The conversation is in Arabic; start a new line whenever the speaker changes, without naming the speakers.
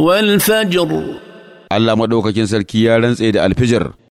والفجر
الله مدوكا كنسل كيارنس إيد الفجر